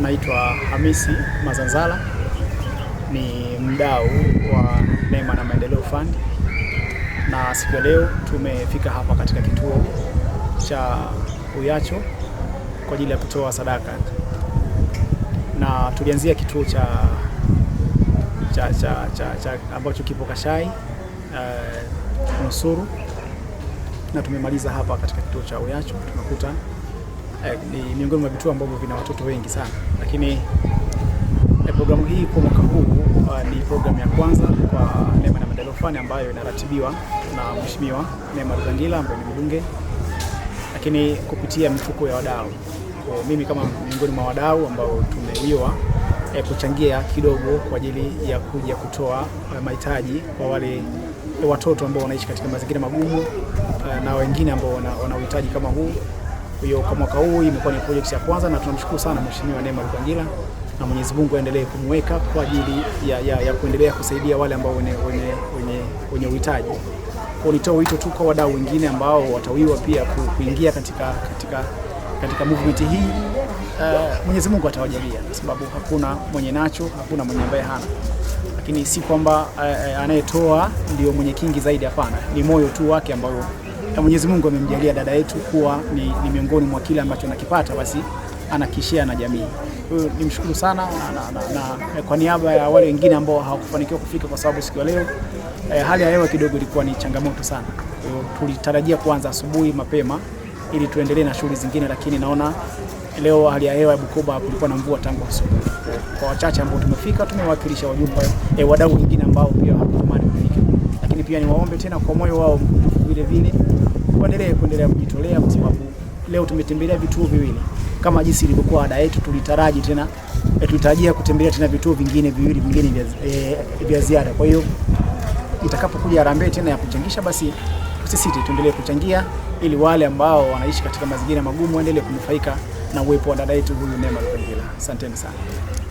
naitwa Hamisi Mazanzala, ni mdau wa Neema na Maendeleo Fund, na siku ya leo tumefika hapa katika kituo cha Uyacho kwa ajili ya kutoa sadaka, na tulianzia kituo cha, cha, cha, cha, cha ambacho kipo Kashai uh, Nusuru, na tumemaliza hapa katika kituo cha Uyacho tunakuta Eh, ni miongoni mwa vituo ambavyo vina watoto wengi sana, lakini eh, programu hii kwa mwaka huu uh, ni programu ya kwanza kwa Neema na Maendeleo Fund ambayo inaratibiwa na Mheshimiwa Neema Rugangila ambaye ni mbunge, lakini kupitia mifuko ya wadau kwa mimi kama miongoni mwa wadau ambao tumeiwa e, kuchangia kidogo kwa ajili ya kuja kutoa mahitaji kwa wale watoto ambao wanaishi katika mazingira magumu na wengine ambao wana uhitaji kama huu. Kwa hiyo kwa mwaka huu imekuwa ni project ya kwanza, na tunamshukuru sana Mheshimiwa Neema Lukangila na Mwenyezi Mungu aendelee kumweka kwa ajili ya, ya, ya kuendelea kusaidia wale ambao wenye, wenye, wenye, wenye uhitaji. Kwa nitoa wito tu kwa wadau wengine ambao watawiwa pia kuingia katika, katika, katika movement hii uh, Mwenyezi Mungu atawajalia kwa sababu hakuna mwenye nacho, hakuna mwenye ambaye hana, lakini si kwamba uh, anayetoa ndio mwenye kingi zaidi. Hapana, ni moyo tu wake ambao na Mwenyezi Mungu amemjalia dada yetu kuwa ni, ni miongoni mwa kile ambacho anakipata basi anakishia na jamii. Kwa hiyo nimshukuru sana na, na, na, kwa niaba ya wale wengine ambao hawakufanikiwa kufika kwa sababu siku ya leo eh, hali ya hewa kidogo ilikuwa ni changamoto sana. Kwa hiyo tulitarajia kuanza asubuhi mapema ili tuendelee na shughuli zingine, lakini naona leo hali ya hewa ya Bukoba kulikuwa na mvua tangu asubuhi. Kwa wachache ambao tumefika tumewakilisha wajumbe eh, wadau wengine ambao pia hawakutamani kufika lakini pia niwaombe tena kwa moyo wao vile vile waendelee kuendelea kujitolea, kwa sababu leo tumetembelea vituo viwili kama jinsi ilivyokuwa ada yetu. Tulitaraji tena eh, tulitarajia kutembelea tena vituo vingine viwili vingine eh, vya ziada. Kwa hiyo itakapokuja harambee tena ya kuchangisha, basi tusisite, tuendelee kuchangia ili wale ambao wanaishi katika mazingira magumu waendelee kunufaika na uwepo wa dada yetu huyu Neema Lupengila. Asanteni sana.